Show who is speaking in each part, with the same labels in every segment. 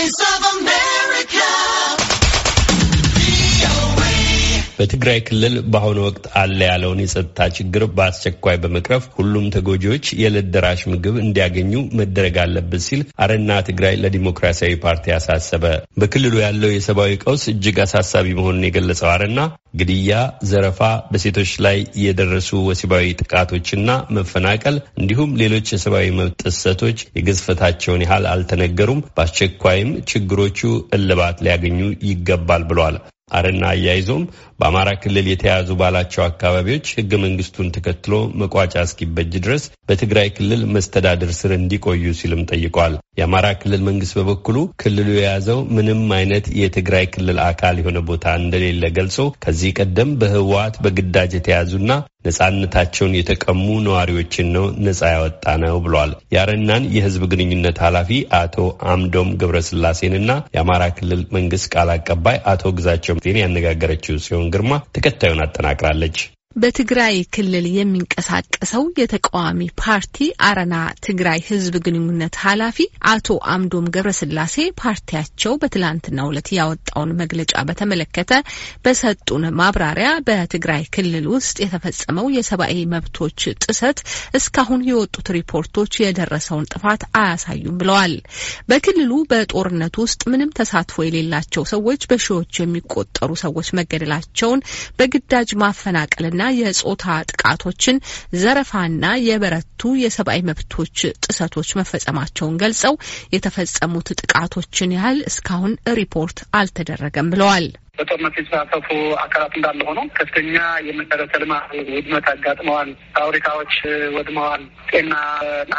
Speaker 1: Voice of
Speaker 2: በትግራይ ክልል በአሁኑ ወቅት አለ ያለውን የጸጥታ ችግር በአስቸኳይ በመቅረፍ ሁሉም ተጎጂዎች የዕለት ደራሽ ምግብ እንዲያገኙ መደረግ አለበት ሲል አረና ትግራይ ለዲሞክራሲያዊ ፓርቲ አሳሰበ። በክልሉ ያለው የሰብአዊ ቀውስ እጅግ አሳሳቢ መሆኑን የገለጸው አረና ግድያ፣ ዘረፋ፣ በሴቶች ላይ የደረሱ ወሲባዊ ጥቃቶችና መፈናቀል እንዲሁም ሌሎች የሰብአዊ መብት ጥሰቶች የግዝፈታቸውን ያህል አልተነገሩም። በአስቸኳይም ችግሮቹ እልባት ሊያገኙ ይገባል ብለዋል። አረና አያይዞም በአማራ ክልል የተያዙ ባላቸው አካባቢዎች ህገ መንግስቱን ተከትሎ መቋጫ እስኪበጅ ድረስ በትግራይ ክልል መስተዳድር ስር እንዲቆዩ ሲልም ጠይቋል። የአማራ ክልል መንግስት በበኩሉ ክልሉ የያዘው ምንም አይነት የትግራይ ክልል አካል የሆነ ቦታ እንደሌለ ገልጾ ከዚህ ቀደም በህወሀት በግዳጅ የተያዙና ነጻነታቸውን የተቀሙ ነዋሪዎችን ነው ነጻ ያወጣ ነው ብሏል። የአረናን የህዝብ ግንኙነት ኃላፊ አቶ አምዶም ገብረስላሴንና የአማራ ክልል መንግስት ቃል አቀባይ አቶ ግዛቸው ዜን ያነጋገረችው ሲሆን ግርማ ተከታዩን አጠናቅራለች።
Speaker 3: በትግራይ ክልል የሚንቀሳቀሰው የተቃዋሚ ፓርቲ አረና ትግራይ ህዝብ ግንኙነት ኃላፊ አቶ አምዶም ገብረስላሴ ፓርቲያቸው በትላንትናው ዕለት ያወጣውን መግለጫ በተመለከተ በሰጡን ማብራሪያ በትግራይ ክልል ውስጥ የተፈጸመው የሰብአዊ መብቶች ጥሰት እስካሁን የወጡት ሪፖርቶች የደረሰውን ጥፋት አያሳዩም ብለዋል። በክልሉ በጦርነት ውስጥ ምንም ተሳትፎ የሌላቸው ሰዎች በሺዎች የሚቆጠሩ ሰዎች መገደላቸውን በግዳጅ ማፈናቀልና ግድያና የጾታ ጥቃቶችን፣ ዘረፋና የበረቱ የሰብአዊ መብቶች ጥሰቶች መፈጸማቸውን ገልጸው የተፈጸሙት ጥቃቶችን ያህል እስካሁን ሪፖርት አልተደረገም ብለዋል።
Speaker 1: በጦርነት የተሳተፉ አካላት እንዳለ ሆኖ ከፍተኛ የመሰረተ ልማት ውድመት አጋጥመዋል። ፋብሪካዎች ወድመዋል። ጤናና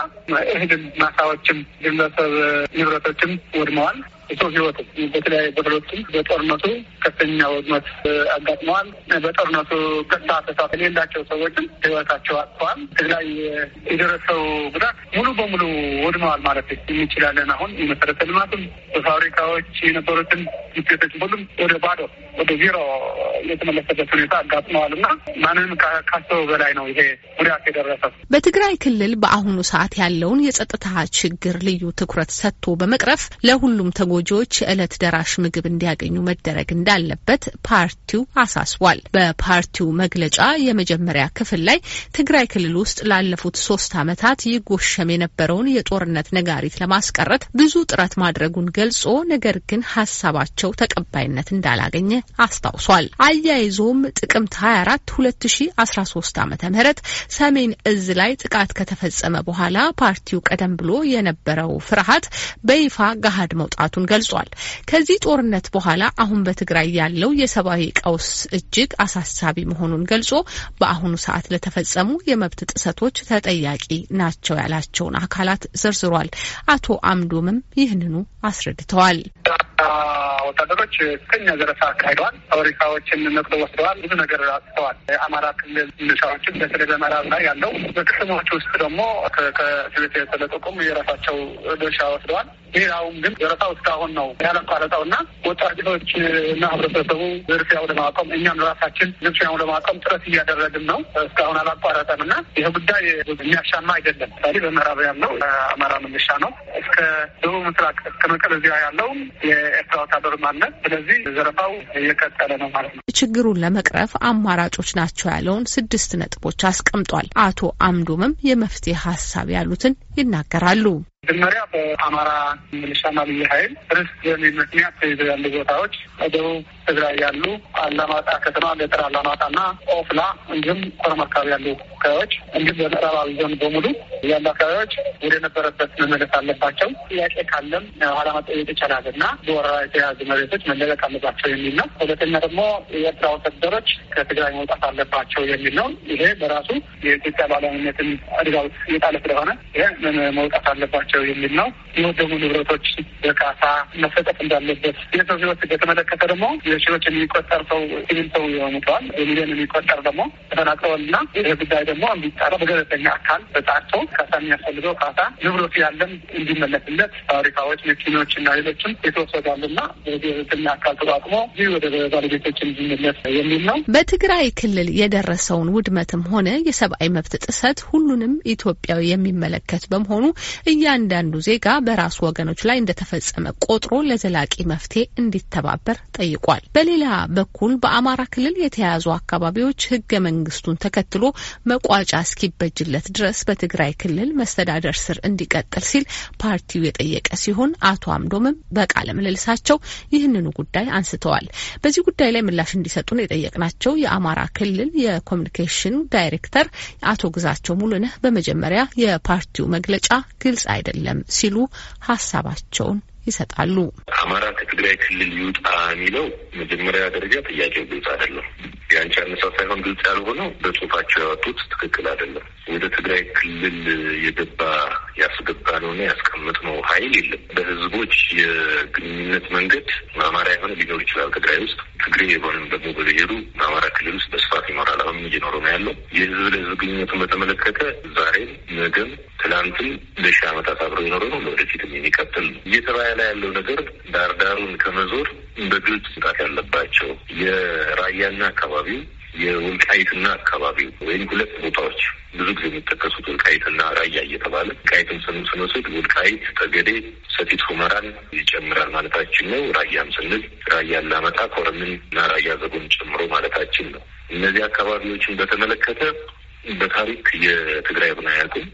Speaker 1: እህል ማሳዎችም ግለሰብ ንብረቶችም ወድመዋል። የሰው ህይወት በተለያዩ ቦታዎችም በጦርነቱ ከፍተኛ ውድመት አጋጥመዋል። በጦርነቱ ቀጥታ ተሳትፎ የሌላቸው ሰዎችም ህይወታቸው አጥተዋል። ላይ የደረሰው ጉዳት ሙሉ በሙሉ ወድመዋል ማለት እንችላለን። አሁን የመሰረተ ልማትም በፋብሪካዎች የነበሩትን ውጤቶች ሁሉም ወደ ባዶ ወደ ዜሮ የተመለሰበት ሁኔታ አጋጥመዋል እና ማንም ካሰበው በላይ ነው ይሄ ጉዳት የደረሰው።
Speaker 3: በትግራይ ክልል በአሁኑ ሰዓት ያለውን የጸጥታ ችግር ልዩ ትኩረት ሰጥቶ በመቅረፍ ለሁሉም ተጎጂዎች የዕለት ደራሽ ምግብ እንዲያገኙ መደረግ እንዳለበት ፓርቲው አሳስቧል። በፓርቲው መግለጫ የመጀመሪያ ክፍል ላይ ትግራይ ክልል ውስጥ ላለፉት ሶስት ዓመታት ይጎሸም የነበረውን የጦርነት ነጋሪት ለማስቀረት ብዙ ጥረት ማድረጉን ገልጾ ነገር ግን ሀሳባቸው ተቀባይነት እንዳላገኘ አስታውሷል። አያይዞም ጥቅምት 24 2013 ዓ ም ሰሜን እዝ ላይ ጥቃት ከተፈጸመ በኋላ ፓርቲው ቀደም ብሎ የነበረው ፍርሃት በይፋ ገሃድ መውጣቱን ገልጿል። ከዚህ ጦርነት በኋላ አሁን በትግራይ ያለው የሰብአዊ ቀውስ እጅግ አሳሳቢ መሆኑን ገልጾ በአሁኑ ሰዓት ለተፈጸሙ የመብት ጥሰቶች ተጠያቂ ናቸው ያላቸውን አካላት ዘርዝሯል። አቶ አምዶምም ይህንኑ አስረድተዋል።
Speaker 1: ወታደሮች ከኛ ዘረፋ አካሂደዋል። ፋብሪካዎችን ነቅሎ ወስደዋል። ብዙ ነገር አጥተዋል። አማራ ክልል ሚሊሻዎችን በተለይ በምዕራብ ላይ ያለው በከተማዎች ውስጥ ደግሞ ከትቤት የተለቀቁም የራሳቸው ድርሻ ወስደዋል። ሌላውም ግን ዘረፋው እስካሁን ነው ያላቋረጠው እና ወጣቶች እና ህብረተሰቡ ዝርፊያው ለማቆም እኛም ራሳችን ዝርፊያው ለማቆም ጥረት እያደረግን ነው። እስካሁን አላቋረጠም እና ይህ ጉዳይ የሚያሻማ አይደለም። ሳሌ በምዕራብ ያለው አማራ መንሻ ነው እስከ ደቡብ ምስራቅ እስከ መቀለ እዚያ ያለውም የኤርትራ ወታደር አለ። ስለዚህ ዘረፋው እየቀጠለ ነው ማለት
Speaker 3: ነው። ችግሩን ለመቅረፍ አማራጮች ናቸው ያለውን ስድስት ነጥቦች አስቀምጧል። አቶ አምዶምም የመፍትሄ ሀሳብ ያሉትን ይናገራሉ።
Speaker 1: መጀመሪያ በአማራ ሚሊሻና ልዩ ኃይል ርስ የሚል ምክንያት ተይዘው ያሉ ቦታዎች በደቡብ ትግራይ ያሉ አላማጣ ከተማ ገጠር አላማጣና ኦፍላ እንዲሁም ኮረም አካባቢ ያሉ አካባቢዎች እንዲሁም በምዕራባዊ ዞን በሙሉ ያሉ አካባቢዎች ወደ ነበረበት መመለስ አለባቸው። ጥያቄ ካለም ኋላ መጠየቅ ይቻላል እና በወረራ የተያዙ መሬቶች መለቀቅ አለባቸው የሚል ነው። ሁለተኛ ደግሞ የኤርትራ ወታደሮች ከትግራይ መውጣት አለባቸው የሚል ነው። ይሄ በራሱ የኢትዮጵያ ባለምነትን አደጋ ውስጥ የጣለ ስለሆነ ይሄ መውጣት አለባቸው ናቸው የሚል ነው። የወደሙ ንብረቶች በካሳ መሰጠት እንዳለበት፣ የሰው ህይወት በተመለከተ ደግሞ የሺዎች የሚቆጠር ሰው ሲቪል ሰው የሆኑተዋል የሚሊዮን የሚቆጠር ደግሞ ተፈናቅለዋል እና ይህ ጉዳይ ደግሞ እንዲጣራ በገለልተኛ አካል ተጣርቶ ካሳ የሚያስፈልገው ካሳ ንብረቱ ያለን እንዲመለስለት ፋብሪካዎች፣ መኪኖች እና ሌሎችም የተወሰዳሉ እና በገለልተኛ አካል ተቋቁሞ ይህ ወደ ባለቤቶች እንዲመለስ የሚል ነው።
Speaker 3: በትግራይ ክልል የደረሰውን ውድመትም ሆነ የሰብአዊ መብት ጥሰት ሁሉንም ኢትዮጵያዊ የሚመለከት በመሆኑ እያ እያንዳንዱ ዜጋ በራሱ ወገኖች ላይ እንደተፈጸመ ቆጥሮ ለዘላቂ መፍትሄ እንዲተባበር ጠይቋል። በሌላ በኩል በአማራ ክልል የተያዙ አካባቢዎች ህገ መንግስቱን ተከትሎ መቋጫ እስኪበጅለት ድረስ በትግራይ ክልል መስተዳደር ስር እንዲቀጥል ሲል ፓርቲው የጠየቀ ሲሆን አቶ አምዶምም በቃለ ምልልሳቸው ይህንኑ ጉዳይ አንስተዋል። በዚህ ጉዳይ ላይ ምላሽ እንዲሰጡን የጠየቅናቸው የአማራ ክልል የኮሚኒኬሽን ዳይሬክተር አቶ ግዛቸው ሙሉነህ በመጀመሪያ የፓርቲው መግለጫ ግልጽ አይደለም አይደለም ሲሉ ሀሳባቸውን ይሰጣሉ።
Speaker 4: አማራ ከትግራይ ክልል ይውጣ የሚለው መጀመሪያ ደረጃ ጥያቄው ግልጽ አይደለም። የአንቺ አነሳ ሳይሆን ግልጽ ያልሆነው በጽሁፋቸው ያወጡት ትክክል አይደለም። ወደ ትግራይ ክልል የገባ ነው እና ነው ኃይል የለም። በህዝቦች የግንኙነት መንገድ አማራ የሆነ ሊኖር ይችላል ትግራይ ውስጥ ትግሬ የሆነም ደግሞ በብሄሩ በአማራ ክልል ውስጥ በስፋት ይኖራል። አሁን እየኖረ ነው ያለው። የህዝብ ለህዝብ ግንኙነቱን በተመለከተ ዛሬም
Speaker 1: ነገም ትናንትም ለሺ ዓመታት አብረው የኖረ ነው። ለወደፊትም የሚቀጥል ነው። እየተባያ ላይ ያለው
Speaker 4: ነገር ዳርዳሩን ከመዞር በግልጽ ምጣት ያለባቸው የራያና አካባቢው የወልቃይትና አካባቢው ወይም ሁለት ቦታዎች ብዙ ጊዜ የሚጠቀሱት ወልቃይትና ራያ እየተባለ ወልቃይትን ስን ስንወስድ ወልቃይት ጠገዴ፣ ሰቲት ሁመራን ይጨምራል ማለታችን ነው። ራያም ስንል ራያን ላመጣ ኮረምን እና ራያ ዘጎን ጨምሮ ማለታችን ነው። እነዚህ አካባቢዎችን በተመለከተ በታሪክ የትግራይ ብና ያቁም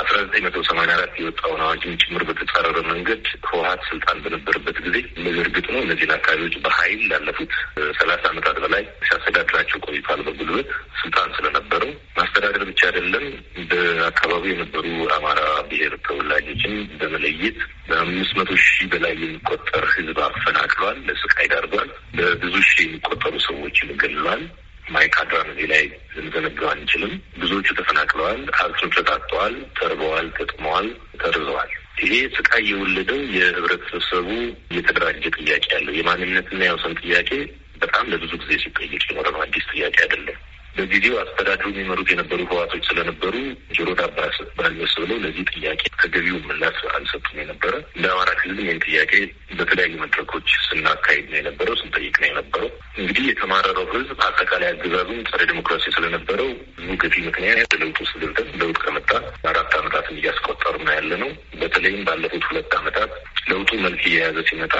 Speaker 4: አስራ ዘጠኝ መቶ ሰማንያ አራት የወጣውን አዋጅም ጭምር በተጻረረ መንገድ ህወሀት ስልጣን በነበረበት ጊዜ ምዝርግጥ ነው እነዚህን አካባቢዎች በኃይል ላለፉት ሰላሳ ዓመታት በላይ ሲያስተዳድራቸው ቆይቷል። በጉልበት ስልጣን ስለነበረው ማስተዳደር ብቻ አይደለም፣ በአካባቢው የነበሩ አማራ ብሔር ተወላጆችን በመለየት በአምስት መቶ ሺህ በላይ የሚቆጠር ህዝብ አፈናቅሏል፣ ለስቃይ ዳርጓል፣ በብዙ ሺህ የሚቆጠሩ ሰዎችን ገድሏል። ማይካድራን እዚህ ላይ ልንዘነጋው አንችልም። ብዙዎቹ ተፈናቅለዋል፣ ሀብቱን ተጣጥተዋል፣ ተርበዋል፣ ተጥመዋል፣ ተርዘዋል። ይሄ ስቃይ የወለደው የህብረተሰቡ የተደራጀ ጥያቄ ያለው የማንነትና የወሰን ጥያቄ በጣም ለብዙ ጊዜ ሲጠየቅ የኖረ ነው። አዲስ ጥያቄ አይደለም። በጊዜው አስተዳድሩ የሚመሩት የነበሩ ህዋቶች ስለነበሩ ጆሮ ዳባ
Speaker 1: ባልበስ ብለው ለዚህ ጥያቄ ተገቢው ምላሽ አልሰጡም የነበረ። ለአማራ ክልል ይህን ጥያቄ
Speaker 4: በተለያዩ መድረኮች ስናካሄድ ነው የነበረው፣ ስንጠይቅ ነው የነበረው። እንግዲህ የተማረረው ህዝብ አጠቃላይ አገዛዙም ጸረ ዲሞክራሲ ስለነበረው ብዙ ገፊ ምክንያት ለውጡ ስልብተን ለውጥ ከመጣ አራት አመታትን እያስቆጠሩ ነው ያለ ነው። በተለይም ባለፉት ሁለት አመታት ለውጡ መልክ እየያዘ ሲመጣ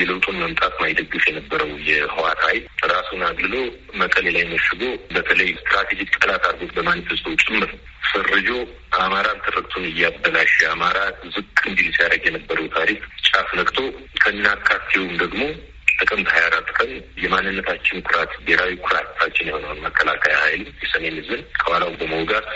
Speaker 4: የለውጡን መምጣት ማይደግፍ የነበረው የህዋት ኃይል ራሱን አግልሎ መቀሌ ላይ መሽጎ በተለይ ስትራቴጂክ ጠላት አድርጎት በማኒፌስቶ ጭምር ፈርጆ አማራን ተፈቅቶን እያበላሸ አማራ ዝቅ እንዲል ሲያደርግ የነበረው ታሪክ ጫፍ ነቅቶ ከናካቴውም ደግሞ ጥቅምት ሀያ አራት ቀን የማንነታችን ኩራት ብሔራዊ ኩራታችን የሆነውን መከላከያ ኃይል የሰሜን ህዝብን ከኋላው በመውጋት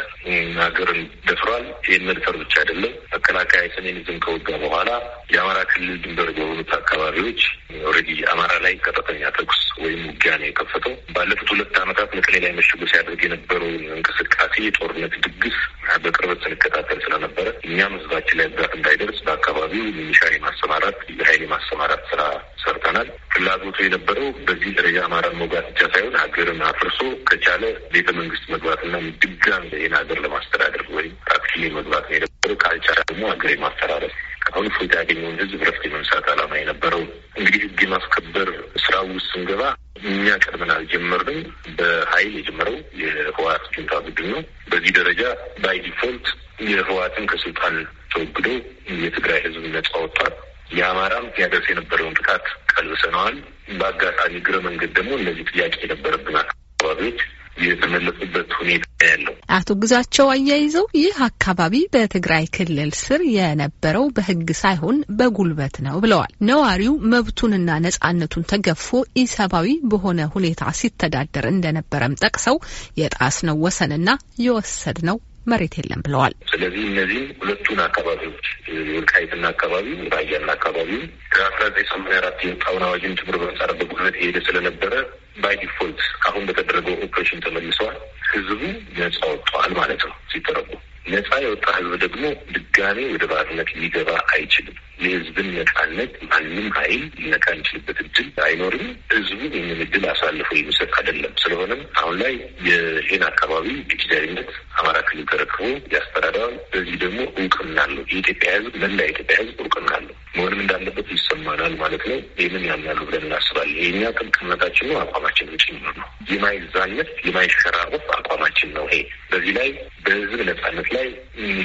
Speaker 4: ሀገርን ደፍሯል። ይህን መድፈር ብቻ አይደለም፣ መከላከያ የሰሜን ህዝብን ከወጋ በኋላ የአማራ ክልል ድንበር በሆኑት አካባቢዎች ኦልሬዲ አማራ ላይ ቀጥተኛ ተኩስ ወይም ውጊያ ነው የከፈተው። ባለፉት ሁለት ዓመታት መቀሌ ላይ መሽጉ ሲያደርግ የነበረውን እንቅስቃሴ ሰፊ የጦርነት ድግስ በቅርበት ስንከታተል ስለነበረ እኛም ህዝባችን ላይ ጉዳት እንዳይደርስ በአካባቢው ሚሊሻ የማሰማራት የሀይል የማሰማራት ስራ ሰርተናል። ፍላጎቱ የነበረው በዚህ ደረጃ አማራን መውጋት ብቻ ሳይሆን ሀገርን አፍርሶ ከቻለ ቤተ መንግስት መግባትና ድጋሚ ይህን ሀገር ለማስተዳደር ወይም ታክሲ መግባት ነው የነበረው። ካልቻለ ደግሞ ሀገር የማፈራረስ አሁን ፎይታ ያገኘውን ህዝብ ረፍት የመንሳት አላማ የነበረው እንግዲህ ህግ የማስከበር ስራ ውስጥ ስንገባ እኛ ቀድመናል ጀመርንም በሀይል የጀመረው የህወሓት ጁንታ ቡድን ነው። በዚህ ደረጃ ባይ ዲፎልት የህወሓትም ከስልጣን ተወግዶ የትግራይ ህዝብ ነጻ ወጥቷል። የአማራም ያደርስ የነበረውን ጥቃት ቀልብሰነዋል። በአጋጣሚ እግረ መንገድ ደግሞ እነዚህ ጥያቄ የነበረብን አካባቢዎች የተመለጡበት ሁኔታ
Speaker 3: ያለው አቶ ግዛቸው አያይዘው ይህ አካባቢ በትግራይ ክልል ስር የነበረው በህግ ሳይሆን በጉልበት ነው ብለዋል። ነዋሪው መብቱንና ነጻነቱን ተገፎ ኢሰብአዊ በሆነ ሁኔታ ሲተዳደር እንደነበረም ጠቅሰው የጣስነው ወሰንና የወሰድነው መሬት የለም ብለዋል።
Speaker 4: ስለዚህ እነዚህም ሁለቱን አካባቢዎች ወልቃይትና አካባቢው ራያና አካባቢው ከአስራ ዘጠኝ ሰማንያ አራት የወጣውን አዋጅን ጭምር በመጻረር በጉልበት የሄደ ስለነበረ ባይ ዲፎልት አሁን በተደረገው ኦፕሬሽን ተመልሰዋል። ህዝቡ ነጻ ወጥተዋል ማለት ነው ሲተረጉ ነጻ የወጣ ህዝብ ደግሞ ድጋሜ ወደ ባርነት ሊገባ አይችልም። የህዝብን ነጻነት ማንም ኃይል ሊነካ የሚችልበት እድል አይኖርም። ህዝቡ ይህንን እድል አሳልፎ የሚሰጥ አይደለም። ስለሆነም አሁን ላይ ይህን አካባቢ በጊዜያዊነት አማራ ክልል ተረክቦ ያስተዳድራል። በዚህ ደግሞ እውቅና አለው። የኢትዮጵያ ህዝብ መላ የኢትዮጵያ ህዝብ እውቅና አለው። መሆንም እንዳለበት ይሰማናል ማለት ነው። ይህንን ያምናሉ ብለን እናስባለን። የእኛ ጥብቅነታችን ነው፣ አቋማችን ጭምር ነው። የማይዛነት የማይሸራረፍ አቋማችን ነው። ይሄ በዚህ ላይ በህዝብ ነጻነት ላይ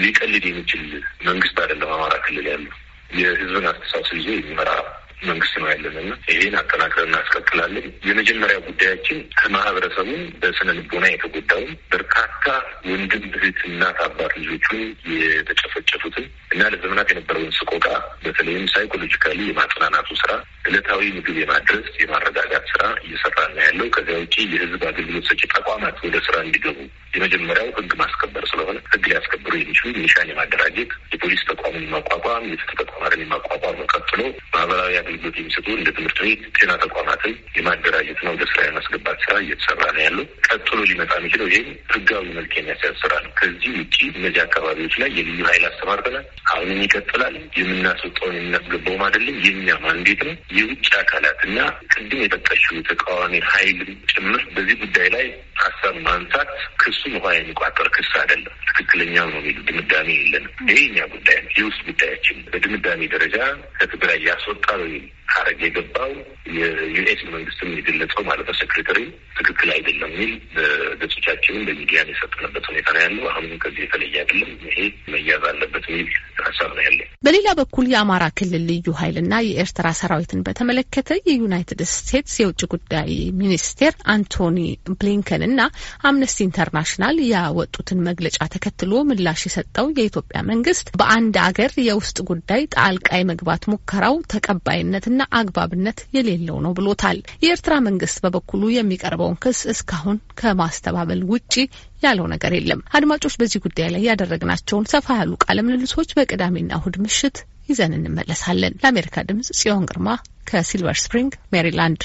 Speaker 4: ሊቀልድ የሚችል መንግስት አይደለም። አማራ ክልል ያለው የህዝብን አስተሳሰብ ይዞ የሚመራ መንግስት ነው ያለን እና ይህን አጠናክረን እናስቀጥላለን። የመጀመሪያ ጉዳያችን ከማህበረሰቡ በስነ ልቦና የተጎዳውን በርካታ ወንድም እህት፣ እናት፣ አባት ልጆቹን የተጨፈጨፉትን እና ለዘመናት የነበረውን ስቆቃ በተለይም ሳይኮሎጂካሊ የማጽናናቱ ስራ፣ እለታዊ ምግብ የማድረስ የማረጋጋት ስራ እየሰራ ነው ያለው። ከዚያ ውጭ የህዝብ አገልግሎት ሰጪ ተቋማት ወደ ስራ እንዲገቡ የመጀመሪያው ህግ ማስከበር ስለሆነ ህግ ሊያስከብሩ የሚችሉ ሚሊሻን የማደራጀት የፖሊስ ተቋሙን ማቋቋም የፍትህ ተቋማትን የማቋቋም ቀጥሎ ማህበራዊ አገልግሎት የሚሰጡ እንደ ትምህርት ቤት፣ ጤና ተቋማትን የማደራጀት ነው ወደ ስራ የማስገባት ስራ እየተሰራ ነው ያለው። ቀጥሎ ሊመጣ የሚችለው ይህም ህጋዊ መልክ የሚያሳያዝ ስራ ነው። ከዚህ ውጭ እነዚህ አካባቢዎች ላይ የልዩ ኃይል አሰማርተናል። አሁንም ይቀጥላል። የምናስወጣውን የምናስገባውም አይደለም፣ የእኛ ማንዴት ነው። የውጭ አካላት እና ቅድም የጠቀሽው ተቃዋሚ ኃይል ጭምር በዚህ ጉዳይ ላይ ሀሳብ ማንሳት ክሱ ውሃ የሚቋጠር ክስ አይደለም። ትክክለኛው ነው የሚሉ
Speaker 1: ድምዳሜ የለንም። ይሄ እኛ ጉዳይ ነው፣ የውስጥ ጉዳያችን በድምዳሜ ደረጃ ከትግራይ ያስወጣ ሀረግ የገባው የዩኤስ መንግስትም የገለጸው ማለት ነው ሴክሬታሪ ትክክል
Speaker 4: አይደለም የሚል በገጾቻችንም በሚዲያን የሰጠንበት ሁኔታ ነው ያለው። አሁንም ከዚህ የተለየ አይደለም፣ ይሄ መያዝ አለበት የሚል ሀሳብ
Speaker 3: ነው ያለ። በሌላ በኩል የአማራ ክልል ልዩ ኃይልና የኤርትራ ሰራዊትን በተመለከተ የዩናይትድ ስቴትስ የውጭ ጉዳይ ሚኒስቴር አንቶኒ ብሊንከን ና አምነስቲ ኢንተርናሽናል ያወጡትን መግለጫ ተከትሎ ምላሽ የሰጠው የኢትዮጵያ መንግስት በአንድ አገር የውስጥ ጉዳይ ጣልቃ የመግባት ሙከራው ተቀባይ ተገቢነትና አግባብነት የሌለው ነው ብሎታል። የኤርትራ መንግስት በበኩሉ የሚቀርበውን ክስ እስካሁን ከማስተባበል ውጪ ያለው ነገር የለም። አድማጮች፣ በዚህ ጉዳይ ላይ ያደረግናቸውን ሰፋ ያሉ ቃለ ምልልሶች በቅዳሜና እሁድ ምሽት ይዘን እንመለሳለን። ለአሜሪካ ድምጽ ጽዮን ግርማ ከሲልቨር ስፕሪንግ ሜሪላንድ